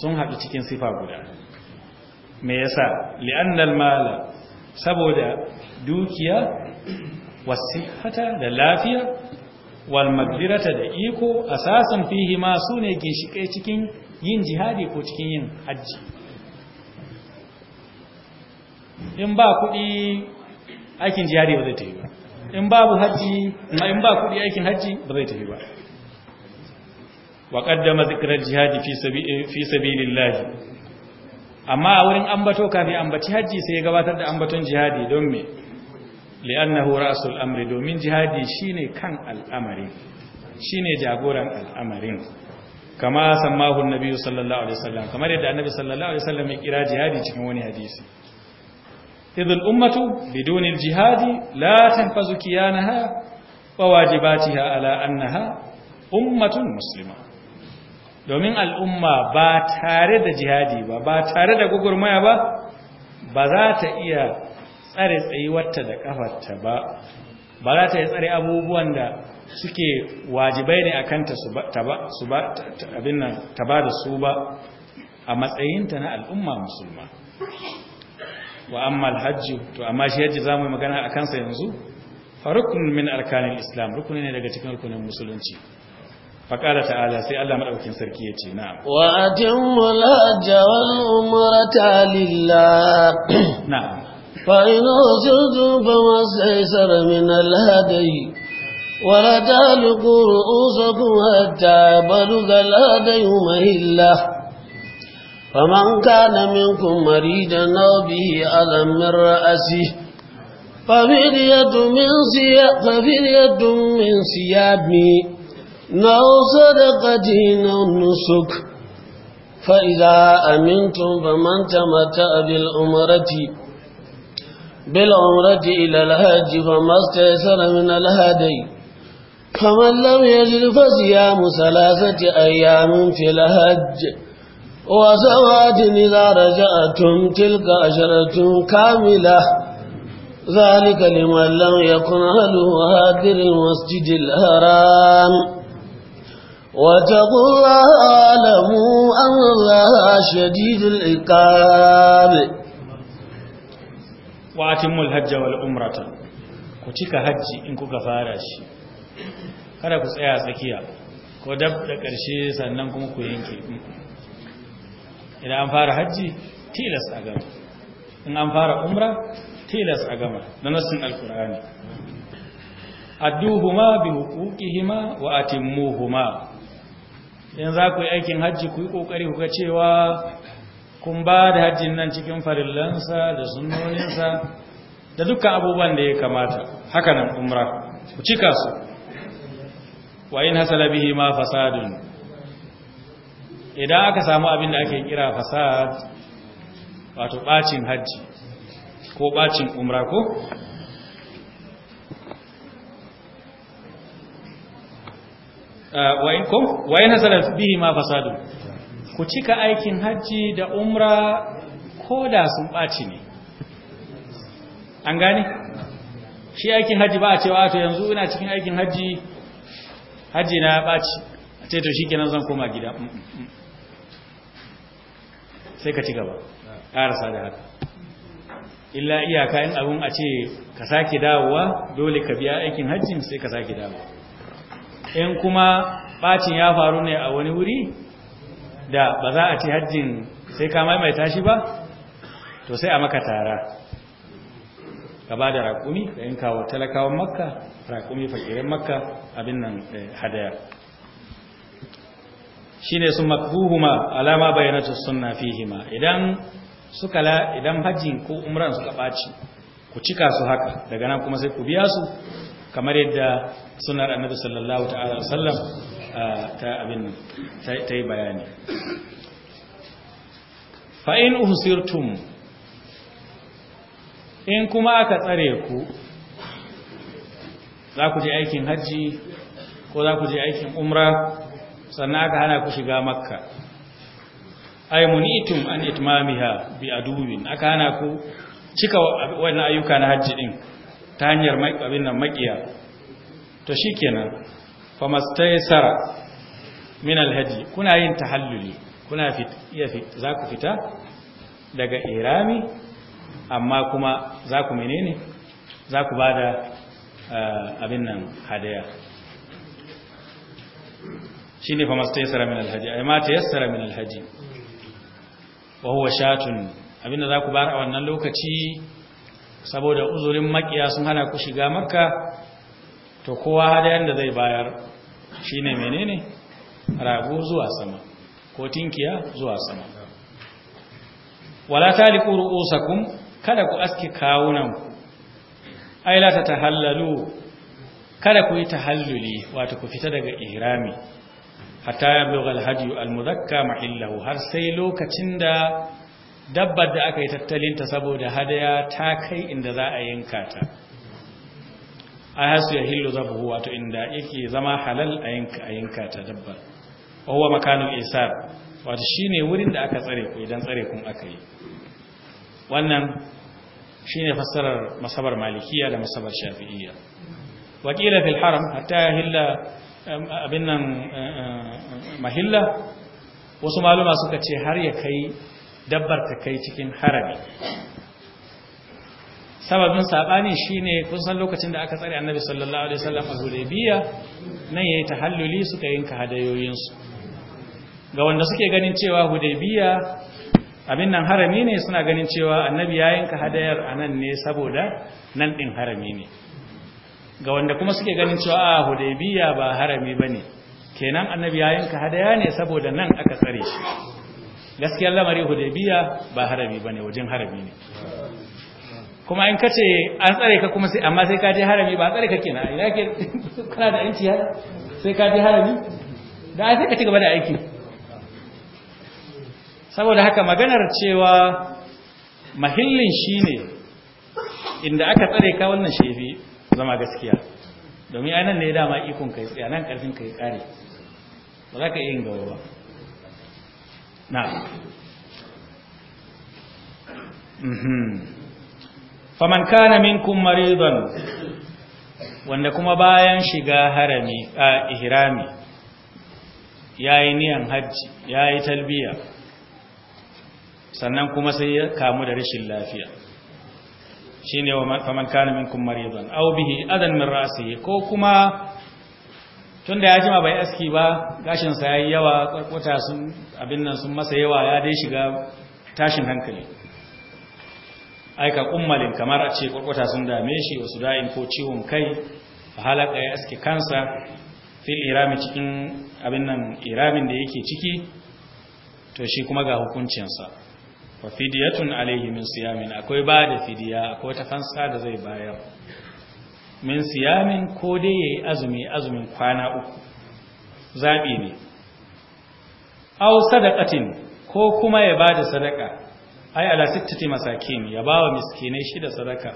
Speaker 2: sun haɗu cikin sifa guda me yasa li'annal mala saboda dukiya wasihata da lafiya wal magdirata da iko asasan fihi ma sune ginshikai cikin yin jihadi ko cikin yin hajji in ba kuɗi aikin jihadi ba zai tafi ba in babu hajji in ba kuɗi aikin hajji ba zai tafi ba wa qaddama jihadi fi sabili fi amma a wurin ambato kafi ambaci hajji sai ya gabatar da ambaton jihadi don me li'annahu ra'sul amri domin jihadi shine kan al'amari shine jagoran al'amarin kama sammahu annabi sallallahu alaihi sallam. kamar yadda annabi sallallahu alaihi sallam ya kira jihadi cikin wani hadisi idh ummatu biduni al-jihadi la tanfazu kiyanaha wa wajibatiha ala annaha ummatun muslima domin al'umma ba tare da jihadi ba ba tare da gugurmaya ba ba za ta iya tsare tsayuwarta da kafarta ba ba za ta iya tsare abubuwan da suke wajibai ne a kanta ta ba da su ba a matsayinta na al'umma musulma wa amma alhajju to amma shi mu yi magana a kansa yanzu rukunin min arkanin islam rukuni ne daga cikin rukunin musulunci فقال تعالى سي الله مدaukin sarki yace na'am
Speaker 1: wa atimmu al-hajja wal umrata lillah *coughs* na'am fa in usirtu famasaysar min al-hadi wa la talqu ru'usakum hatta baluga al-hadi mahillah faman kana minkum maridan aw bihi min ففدية من صيام أو صدقة أو نسك فإذا أمنتم فمن تمتع بالأمرة بالعمرة إلى الهاج فما استيسر من الهادي فمن لم يجد فصيام ثلاثة أيام في الهج وسواد إذا رجعتم تلك عشرة كاملة ذلك لمن لم يكن أهله هادر المسجد الحرام واتقوا الله اعلموا أن الله شديد العقاب
Speaker 2: واتموا الحج والعمرة كتك حج إن كوكا فارش kada ku tsaya tsakiya ko dab ƙarshe sannan kuma ku yanke idan an fara hajji tilas a gama in an fara umra tilas a gama da nassin alkur'ani adduhuma bi huquqihima wa atimmuhuma Idan za ku yi aikin hajji ku yi ƙoƙari ku ga cewa kun ba da hajjin nan cikin farillansa da sunnoninsa da dukkan abubuwan da ya kamata haka nan umra ku cika su wa in hasala bihi ma fasadun idan aka samu abin da ake kira fasad wato bacin hajji ko bacin umra ko wa in kum bihi ma fasadu ku cika aikin hajji da umra ko da sun ɓaci ne an gane shi aikin hajji ba a cewa to yanzu ina cikin aikin hajji hajji na ɓaci a ce to shi kenan zan koma gida mm, mm, mm. sai ka ci gaba ƙarasa da haka illa iyaka in abun a ce ka sake dawowa dole ka biya aikin hajji sai ka sake dawowa in kuma bacin ya faru ne a wani wuri da ba za a ci hajjin sai ka maimaita shi ba to sai a maka tara ka ba da raƙumi da in kawo talakawan makka raƙumi fakirin makka abin nan eh, hadaya shi ne sun ma alama na fi hima. idan suka la idan hajjin ko umran suka ɓaci ku cika su haka daga nan kuma sai ku biya su kamar yadda sunar annabi sallallahu ta'ala sallam ta abin ta yi bayani fa'in uhsirtum in kuma aka tsare ku za ku je aikin hajji ko za ku je aikin umra sannan aka hana ku shiga makka ay an itmamiha bi adubin aka hana ku cika wannan ayyuka na hajji din ta hanyar abin nan makiya to shikenan fa mastaysara min alhaji kuna yin tahalluli kuna fit iya fit za ku fita daga irami amma kuma za ku menene za ku bada eh, abin nan hadaya shine fa mastaysara min alhaji ay ma tayassara min alhaji wa huwa shatun abinda za ku bar a wannan lokaci saboda uzurin makiya sun hana ku shiga makka to kowa hadayen da zai bayar shine menene rago zuwa sama ko tinkiya zuwa sama wala taliqu ru'usakum kada ku aske ku ai la tatahallalu kada ku yi tahalluli wato ku fita daga ihrami hatta yablugha al almudhakka mahillahu har sai lokacin da dabbar da aka yi tattalinta saboda hadaya ta kai inda za a yanka ta a hasu ya hillu zabuhu wato inda yake zama halal a yanka ta dabbar wawa makanin isar wato shi ne wurin da aka tsare ku idan tsare kun aka yi wannan shi ne fassarar masabar malikiya da masabar shafi'iyya wakila fil haram hatta ya hilla abin nan mahilla wasu maluma suka ce har ya kai dabbar ta kai cikin harami sababin sabani shine kun san lokacin da aka tsare annabi sallallahu alaihi wasallam a hudaybiya nan ta tahalluli suka yinka hadayoyin su ga wanda suke ganin cewa hudaybiya abin nan harami ne suna ganin cewa annabi ya yinka hadayar anan ne saboda nan din harami ne ga wanda kuma suke ganin cewa a hudaybiya ba harami bane kenan annabi ya yinka hadaya ne saboda nan aka tsare
Speaker 3: shi
Speaker 2: Gaskiya lamari hudaybiya ba harami bane wajen harami ne kuma in kace an tsare ka kuma sai amma sai ka je harami ba tsare ka kina ina ke *laughs* kana da yanci har sai ka je harami da ai sai ka ci gaba da aiki saboda haka maganar cewa mahillin shine inda aka tsare ka wannan shefi zama gaskiya domin nan ne dama ikon kai tsaya nan karfin kai kare ba za ka iya yin gaba ba na'am faman kana minkum maridan wanda kuma bayan shiga harami a ihrami yayi niyan hajji yayi talbiya sannan kuma sai ya kamu da rashin lafiya shine faman kana minkum maridan aw bihi adan min ra'sihi ko kuma tun da ya jima bai aski ba gashinsa ya yi yawa kwarkwata sun abin nan sun masa yawa ya dai shiga tashin hankali aika kummalin kamar a ce kwarkwata sun dame shi wasu da'in ko ciwon kai a halaka ya aski kansa fil irami cikin abin nan iramin da yake ciki to shi kuma ga hukuncinsa wa fidiyatun alaihi min siyamin akwai ba da fidiya akwai ta fansa da zai bayar min siyamin ko dai ya yi azumi azumin kwana uku zaɓi ne
Speaker 1: au sadakatin
Speaker 2: ko kuma ya ba da sadaka ai ala sittati masakin ya ba wa miskinai shida sadaka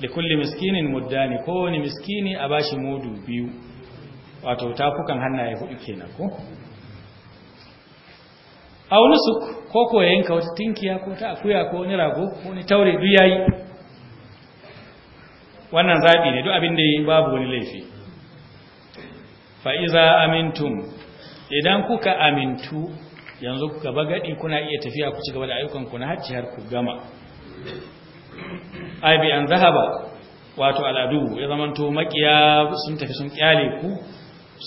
Speaker 2: da kulli miskinin muddani koWani miskini a bashi mudu biyu wato tafukan hannaye hudu kenan ko au nusuk ko ko yanka wata tinkiya ko ta akuya ko wani rago ko wani taure duk yayi wannan zaɓi ne duk abin da yi babu wani laifi fa'iza amintum idan kuka amintu yanzu kuka bagaɗi kuna iya tafiya ku ci gaba da ku na hajji har ku gama
Speaker 3: aibi an zahaba
Speaker 2: wato al'adu ya zamanto makiya sun tafi sun kyale ku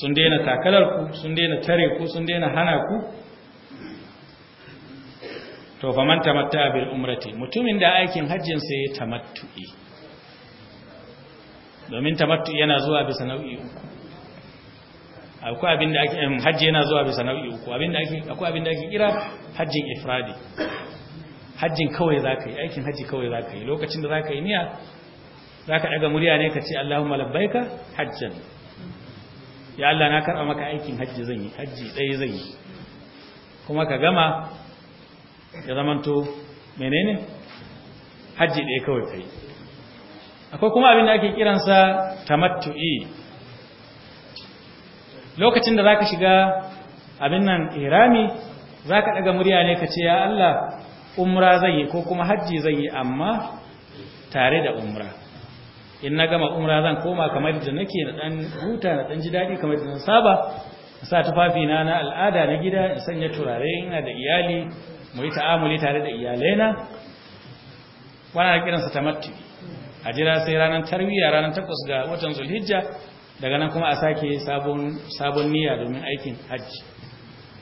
Speaker 2: sun daina takalar ku sun daina tare ku sun daina hana ku to faman tamatta bil umrati mutumin da aikin hajjin sai ya tamattu'i domin tamattu yana zuwa bisa nau'i uku akwai abin da ake hajji yana zuwa bisa nau'i uku akwai abin da ake kira hajjin ifradi hajjin kawai za ka yi aikin hajji kawai za ka yi lokacin da za ka yi niya za ka daga murya ne ka ce Allahumma ka, hajjan ya Allah na karba maka aikin hajji zan yi hajji ɗaya zan yi kuma ka gama ya zamanto menene hajji ɗaya kawai kai akwai kuma abin da ake kiransa tamattu'i lokacin da zaka shiga abin nan irami zaka daga murya ne kace ya Allah umra zai yi ko kuma hajji zai yi, amma tare da umra in na gama umra zan koma kamar da nake na dan huta na dan ji dadi kamar da na saba sa tufafi na na al'ada na gida in sanya turare ina da iyali mu yi ta'amuli tare da iyalaina wannan kiransa tamattu'i a jira sai ranar tarwiyya ranar takwas ga watan zulhijja daga nan kuma a sake sabon niyya domin aikin hajji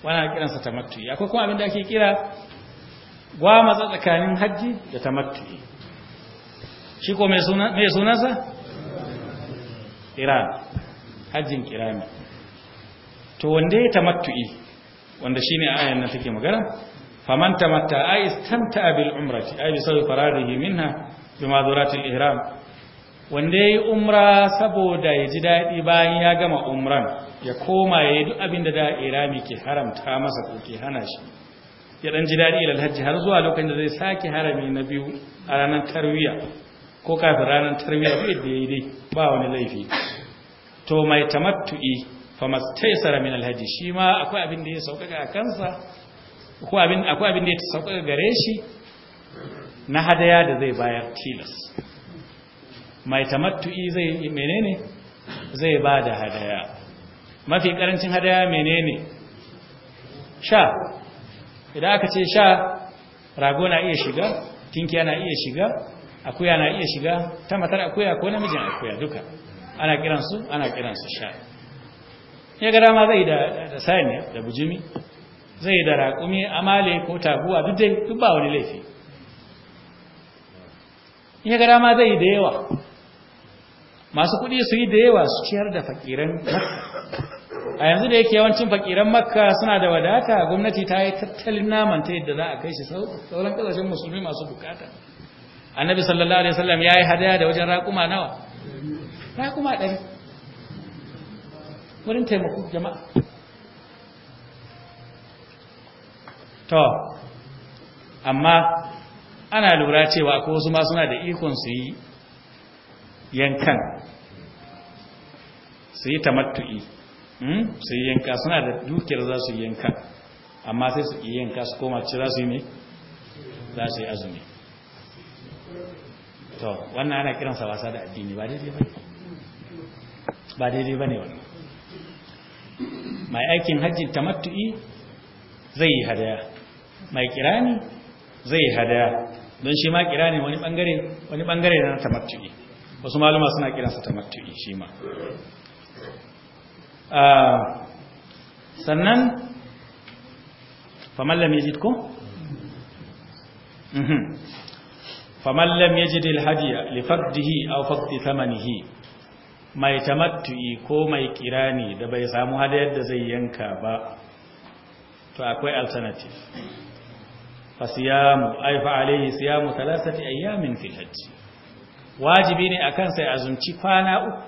Speaker 2: wana kiransa tamattu'i akwai kuma abin da ake kira matsa tsakanin hajji da tamattu'i shi ko mai sunansa iran hajjin kirami to wanda ya tamattu'i wanda shine ayan nan take magana faman tamatta a istanta bil umrati A yi sawi fararri minna bi mazuratul ihram wanda yayi umra saboda ya ji dadi bayan ya gama umran ya koma yayi duk abin da da irami ke haramta masa ko ke hana shi ya dan ji dadi lal hajji har zuwa lokacin da zai sake harami na biyu a ranar tarwiya ko kafin ranar tarwiya ko da yayi dai ba wani laifi to mai tamattu'i famastaisara min alhaji shi ma akwai abin da ya sauka ga kansa akwai abin da ya sauka gare shi na hadaya da zai bayar tilas mai tamattu'i zai menene zai ba da hadaya mafi karancin hadaya menene sha idan aka ce sha rago na iya shiga tinkiya na iya shiga akuya na iya shiga ta matar akuya ko namijin akuya duka ana kiransu ana kiransu sha ya ga dama zai da saniya da bujimi zai da raƙumi amale ko taguwa duk dai duk ba wani laifi in ya ma zai yi da yawa masu kuɗi su yi da yawa su ciyar da fakiran makka a yanzu da yake yawancin fakiran makka suna da wadata gwamnati ta yi tattalin naman ta yadda za a kai shi sauran kasashen musulmi masu bukata annabi sallallahu alaihi wasallam ya yi hadaya da wajen raƙuma nawa raƙuma ɗari wurin taimako jama'a to amma ana lura cewa ko su ma suna da ikon su yi yankan su yi tamattu'i hmm, su yi yanka suna da dukiyar za su yi yankan amma sai su yi yanka su koma ci za su yi ne za su yi azumi to wannan ana kiransa wasa da addini ba daidai ba ba daidai ba ne wannan mai aikin hajjin tamattu'i zai yi hadaya mai kirani zai yi hadaya don shi ma kira ne wani bangare wani bangare na tamattu'i wasu maluma suna kiransa tamattu'i shi ma ah, sannan faman lam yajid ko mhm. faman lam yajid alhadiya li faqdihi aw faqdi thamanihi mai tamattu'i ko mai kirani da bai samu hada da zai yanka ba to akwai alternative fasiyamu ay fa alayhi siyamu thalathati ayamin fil hajj wajibi ne akan sai azumci kwana uku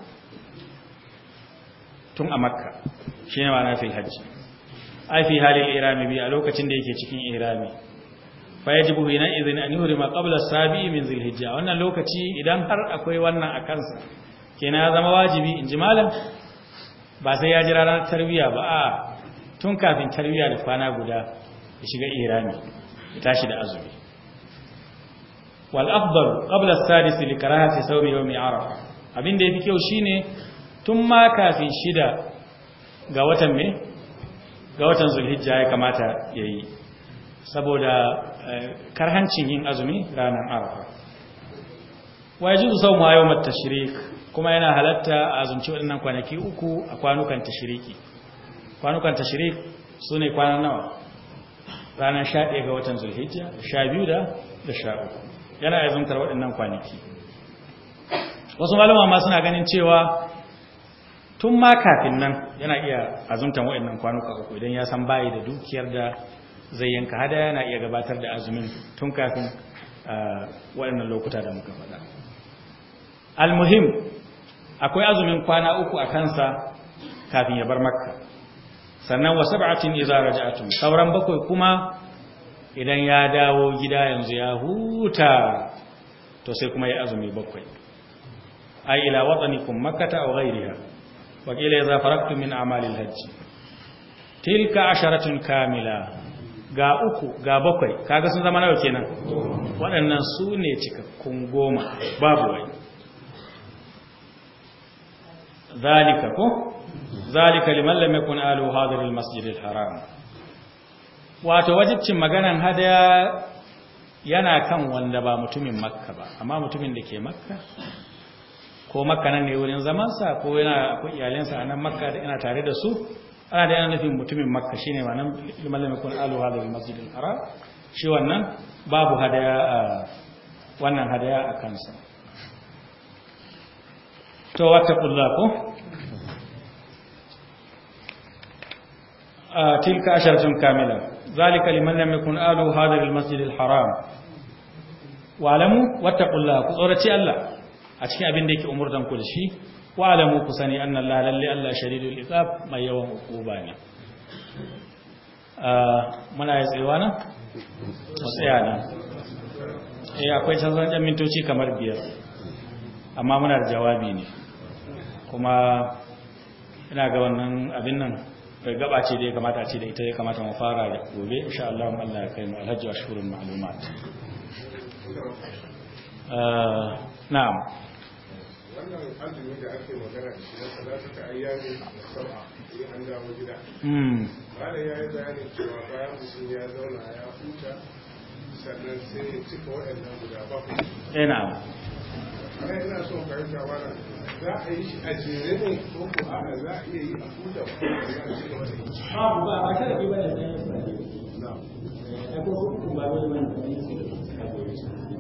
Speaker 2: tun a makka shine na fil hajj ay fi halil irami bi a lokacin da yake cikin irami fa yajibu ina idhin an yurima qabla sabi min zil hijja wannan lokaci idan har akwai wannan akan kansa kenan zama wajibi in ji malam ba sai ya jira ranar tarbiya ba a tun kafin tarbiya da kwana guda ya shiga irami tashi da azumi wal afdal qabla as-sadis li karahati sawmi yawmi arafa abinda yafi kyau shine tun ma kafin shida ga watan me ga watan zulhijja ya kamata yayi saboda eh, karhancin yin azumi ranar arafa wa su sawmu yawm at-tashrik kuma yana halatta a azumci waɗannan kwanaki uku a kwanukan tashriki kwanukan tashrik sune kwanan nawa ranar sha ɗaya ga watan zulhijja sha biyu da da sha uku yana azumtar waɗannan kwanaki wasu malama ma suna ganin cewa tun ma kafin nan yana iya azumtan waɗannan kwanuka uku idan ya san bayi da dukiyar da zai yanka hada yana iya gabatar da azumin tun kafin waɗannan lokuta da muka faɗa almuhim akwai azumin kwana uku a kansa kafin ya bar makka sannan wa sab'atin idza raja'tum sauran bakwai kuma idan ya dawo gida yanzu ya huta to sai kuma ya azumi bakwai ay ila watanikum makkata aw ghayriha wa qila idza faraqtum min a'malil hajj tilka asharatun kamila ga uku ga bakwai kaga sun zama nawa kenan waɗannan su ne cikakkun goma babu wai zalika ko zalika liman lam yakun alu hadhar almasjid alharam wato wajibcin maganan hadaya yana kan wanda ba mutumin makka ba amma mutumin da ke makka ko makka nan ne wurin zamansa ko yana akwai iyalinsa a nan makka da yana tare da su ana da yana nufin mutumin makka shine ma nan liman lam yakun alu Masjid almasjid alharam shi wannan babu hadaya a wannan hadaya a kansa to wata kullako تلك عشرة كاملة ذلك لمن لم يكن آله هذا المسجد الحرام wa'alamu wattaqullaha ku tsorace Allah a cikin abin da yake umurtan ku da shi wa'alamu ku sani anna Allah lalle Allah shadidul iqab mai yawan hukuma ne muna ya tsayawa na mu tsaya eh akwai canzan ɗan mintoci kamar biyar amma muna da jawabi ne kuma
Speaker 1: ina ga wannan abin nan
Speaker 2: gaba ce da ya kamata ce da ita ya kamata mu fara da gobe insha Allah mu Allah ya kai mu alhaji ashurul ma'lumat uh, na'am
Speaker 3: wannan azumi da ake magana da shi na salatu ta ayyami sab'a in an dawo gida mm ya yi bayani cewa bayan mutum ya zauna ya huta sannan sai ya cika waɗannan guda bakwai eh na'am ina son fahimta wannan za a yi shi a jere ne ko ko a'a za a iya yi a kuta ko za a ci gaba da yi ba kada bane eh, da yanzu na ko ba